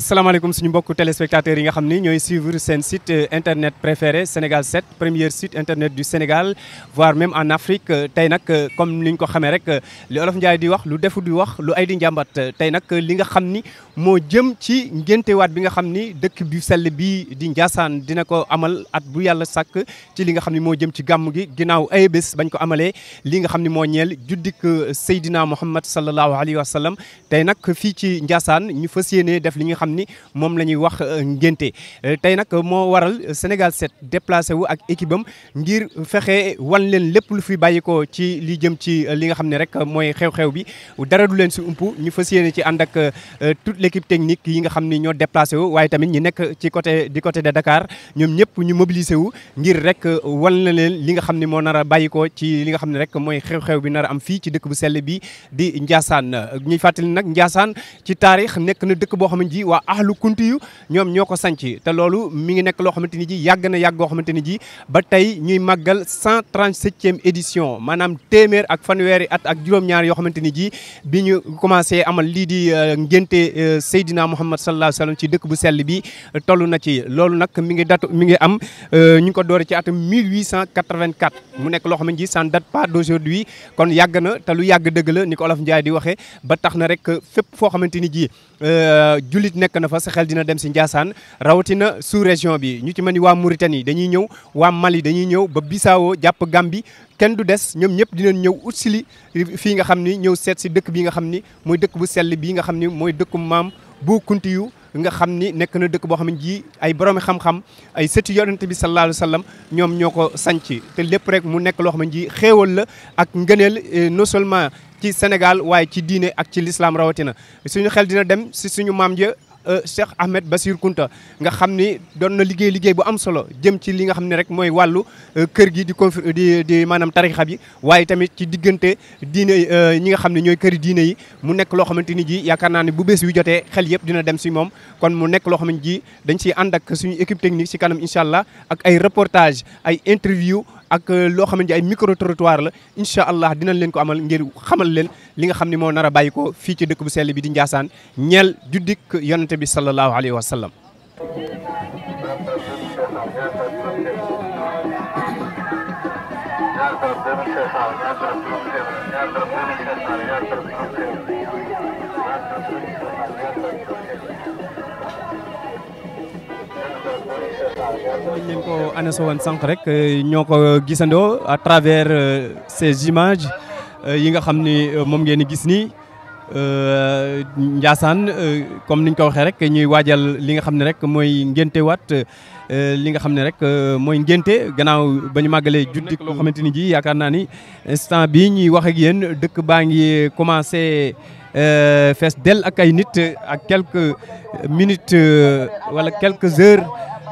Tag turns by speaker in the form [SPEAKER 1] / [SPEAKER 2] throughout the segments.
[SPEAKER 1] asalaamaaleykum suñu mbokku téléspectateurs yi nga xam ni ñooy suivre seen site euh, internet préféré Sénégal 7 premier site internet du Sénégal voire même en Afrique euh, tey nag euh, comme ni ñu ko xamee rek li olof di wax lu defu di wax lu ay di njàmbat tey nag li nga xam ni moo jëm ci ngéntewaat bi nga xam ni dëkk bi sell bii di njasaan dina ko amal at bu yàlla sàkk ci li nga xam ni moo jëm ci gàmm gi ginnaaw ay bés bañ ko amalee li nga xam ni moo ñeel juddik Seydina Mouhamed sallallahu alayhi wa sallam tey nag fii ci Ndiassane ñu fas xam ni moom la ñuy wax euh, ngénte euh, tey nag moo waral Sénégal set déplacé wu ak équipe ngir fexe wan leen lépp lu fi bàyyikoo ci li jëm ci euh, li nga xam ne rek mooy xew-xew bi dara leen si ump ñu fas yéene ci ànd ak toute l'équipe technique yi nga xam ni ñoo déplacé wu waaye tamit ñi nekk ci côté di côté de Dakar ñoom ñëpp ñu mobilisé wu ngir rek wan na leen li nga xam ne moo nar a bàyyikoo ci li nga xam ne rek mooy xew-xew bi nar am fii ci dëkk bu sell bi di Ndiassane ñuy fàttali nag Ndiassane ci taarix nekk na dëkk boo xam ne ji waa ahlu kunti yu ñoom ñoo ko sanc te loolu mi ngi nekk loo xamante ni ji yàgg na yàgg goo xamante ni ji ba tey ñuy màggal 137e édition maanaam téeméer ak fanweeri at ak juróom ñaari yoo xamante ni ji bi ñu commencé amal lii di euh, ngénte euh, Seydina Muhammad sallallahu alayhi wa sallam ci dëkk bu sell bi euh, tollu na ci loolu nag mi ngi datu mi ngi am ñu ngi ko doore ci atum 1884 mu nekk loo xamante ni ça ne pas d'aujourd'hui kon yàgg na te lu yàgg dëgg la ni ko Olof Njaay di waxee nekk na fa sa xel dina dem si Ndiassane rawatina sous région bi ñu ci mel ni waa Mauritanie dañuy ñëw waa Mali dañuy ñëw ba Bissau jàpp Gambie kenn du des ñoom ñëpp dinañ ñëw ut si li fii nga xam ni ñëw seet si dëkk bi nga xam ni mooy dëkk bu sell bi nga xam ni mooy dëkku maam bu kuntiyu nga xam ni nekk na dëkk boo xam ne ji ay boroomi xam-xam ay sëti yonent bi sallallahu alayhi wa ñoom ñoo ko sanc te lépp rek mu nekk loo xam ne ji xéewal la ak ngëneel eh, non seulement ci Sénégal waaye ci diine ak ci lislaam rawatina suñu Euh, Cheikh Ahmed Bassir Kounta nga xam ni doon na liggéey liggéey bu am solo jëm ci li nga xam ne rek mooy wàllu euh, kër gi di conf di di maanaam tarixa bi waaye tamit ci diggante diine euh, ñi nga xam ne ñooy këri diine yi mu nekk loo xamante ni ji yaakaar naa ne bu bees yu jotee xel yëpp dina dem si moom kon mu nekk loo xamante ji dañ siy ànd ak suñu équipe technique si kanam incha allah ak ay reportage ay interview ak euh, loo xamante ay micro trottoir la incha allah dinañ leen ko amal ngir xamal leen li nga xam ne moo nar a bàyyi ko fii ci dëkk bu sell bi di Ndiassane ñeel juddik yonente bi sallallahu alayhi wa dañ leen ko annoncé woon sànq rek ñoo ko gisandoo à travers euh, ces images euh, yi nga xam ni euh, moom ngeen di gis nii Ndiassane comme niñ ko waxee rek ñuy waajal li nga xam ne rek mooy ngénte waat li nga xam ne rek mooy ngénte gannaaw bañu ñu màggalee juddi loo xamante ni ji yaakaar naa ni instant bii ñuy wax yéen dëkk baa ngi commencé fees dell ak ay nit ak quelques minutes wala quelques heures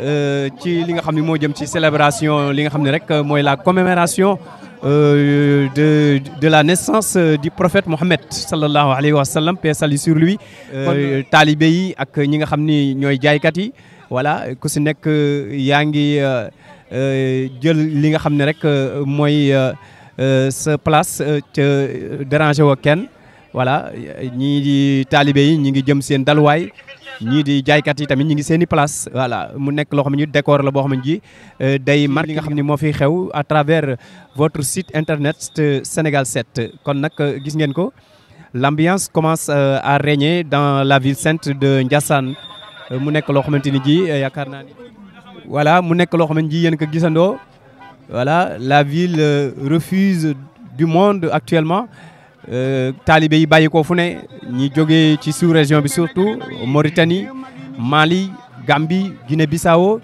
[SPEAKER 1] Euh, ci li nga xam ne moo jëm ci célébration li nga xam ne rek mooy la commémoration euh, de de la naissance euh, du prophète Mohammed sallallahu alayhi wa sallam paix salut sur lui. taalibe yi ak ñi nga xam ni ñooy jaaykat yi wala ku si nekk yaa ngi jël li nga xam ne rek mooy sa place ca déranger woo kenn voilà ñii di taalibe yi ñi ngi jëm seen dalwaay. ñii di jaaykat yi tamit ñu ngi seen i place voilà mu nekk loo xam ne décor la boo xam ne ji euh, day marqué li nga xam ne moo fiy xew à travers votre site internet euh, Sénégal set kon nag euh, gis ngeen ko l'ambiance commence à régner dans la ville sainte de Ndiassane mu nekk loo xamante ni ji yaakaar naa ni voilà mu nekk loo xam ne ko gisandoo voilà la ville refuse du monde actuellement Euh, taalibe yi bàyyi ko fu ne ñi jóge ci sous région bi surtout Mauritanie Mali Gambie Guinée Bissau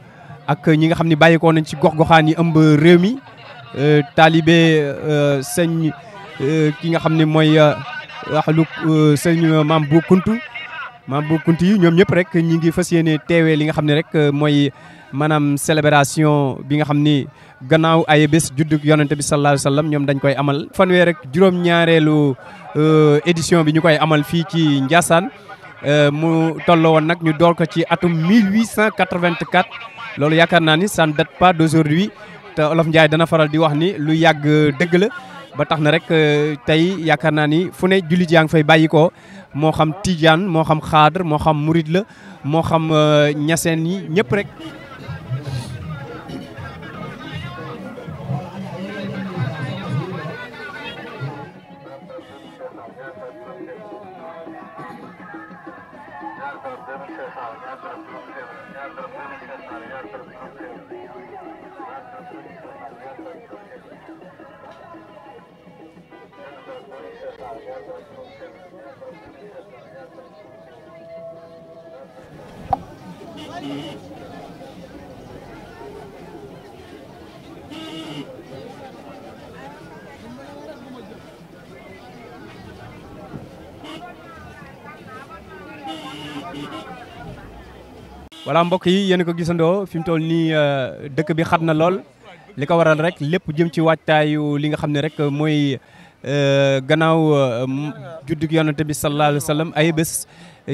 [SPEAKER 1] ak ñi nga xam ni bàyyi ko nañ ci gox-goxaan yi ëmb réew mi euh, taalibe euh, sëñ ki nga xam ne mooy ahlu sëñ maam bu kuntu maam bu kuntu yi ñoom ñëpp rek ñi ngi fas yéene teewe li nga xam ne rek mooy maanaam célébration bi nga xam ni gannaaw ay bés juddug yonente bi sallallahu alayhi wa ñoom dañ koy amal. fanweer rek juróom-ñaareelu euh, édition bi ñu koy amal fii ci Ndiassane euh, mu tolloo woon nag ñu door ko ci atum 1884 loolu yaakaar naa ni ça ne date pas d'aujourd'hui te Olof Ndiaye dana faral di wax ni lu yàgg dëgg la. ba tax na rek euh, tey yaakaar naa ni fu ne jullit yaa ngi fay bàyyi ko moo xam tijaan moo xam xaadar moo xam murit la moo xam ñaseen yi ñëpp rek voilà mbokk yi yéen ko gisandoo fi tol toll nii euh, dëkk bi xat na lool li ko waral rek lépp jëm ci waajtaayu li nga xam ne rek mooy Euh, gannaaw euh, juddug yonante bi sallallahu alayhi wa ay bés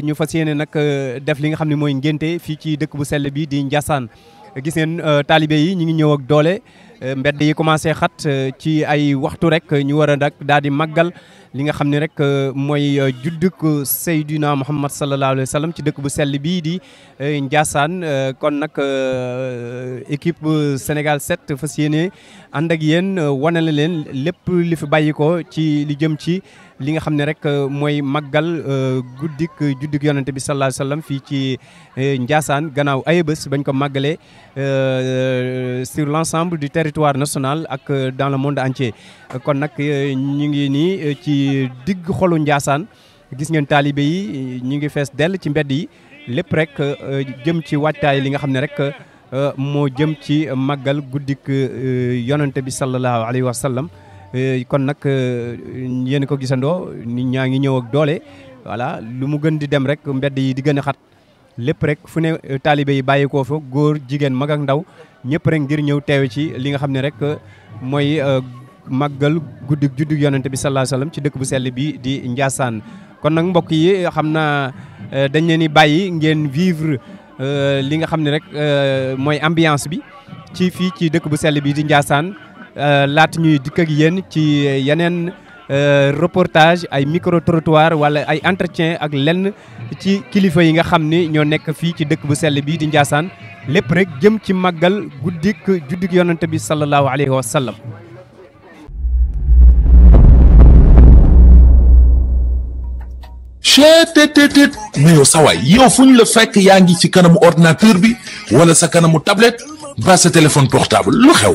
[SPEAKER 1] ñu fas yéene nag euh, def li nga xam ne mooy ngénte fii ci dëkk bu sell bi di Ndiassane gis ngeen taalibe yi ñu ngi ñëw ak doole Euh, mbedd yi commencé xat euh, ci ay waxtu rek ñu war a nag daal di màggal li nga xam ne rek euh, mooy juddug Seydina Muhammad sallallahu alayhi wa sallam ci dëkk bu sell bii di Ndiassane kon nag équipe Sénégal 7 fas yéene ànd ak yéen wane la leen lépp li fi bàyyi ko ci li jëm ci li nga xam ne rek mooy màggal guddik juddug yonent bi sallallahu alayhi wa fii ci Ndiassane gannaaw ayébés bañ ko màggalee sur l'ensemble du terrain territoire national ak euh, dans le monde entier euh, kon nag euh, ñu ngi nii ci digg xolu Ndiassane gis ngeen taalibe yi ñu ngi fees dell ci mbedd yi lépp rek jëm ci waajtaay li nga xam ne rek moo jëm ci màggal guddik yonante bi sallallahu alayhi wa sallam kon nag yéen ko gisandoo nit ñaa ngi ñëw ak doole voilà lu mu gën di dem rek mbedd yi di gën a xat lépp rek fu ne euh, taalibe yi bàyyeekoo fa góor jigéen mag ak ndaw ñëpp rek ngir ñëw teewe ci li nga xam ne rek euh, mooy euh, maggal guddig juddug yonente bi sallallahu alayhi wasallam ci dëkk bu sell bi di njaasaan kon nag mbokk yi xam naa dañ leen di bàyyi ngeen vivre li nga xam ne rek mooy ambiance bi ci fii ci dëkk bu sell bi di Ndiassane laat ñuy dikk ak yéen ci yeneen Euh, reportage ay micro trottoir wala ay entretien ak lenn ci kilifa yi nga xam ni ñoo nekk fii ci dëkk bu sell bii di Ndiassane lépp rek jëm ci màggal guddik juddik yonante bi sallallahu alayhi wa sallam. cheetetetet mais yow sawaay yow fu ñu la fekk yaa ngi ci kanamu ordinateur bi wala sa kanamu tablette ba sa téléphone portable lu xew.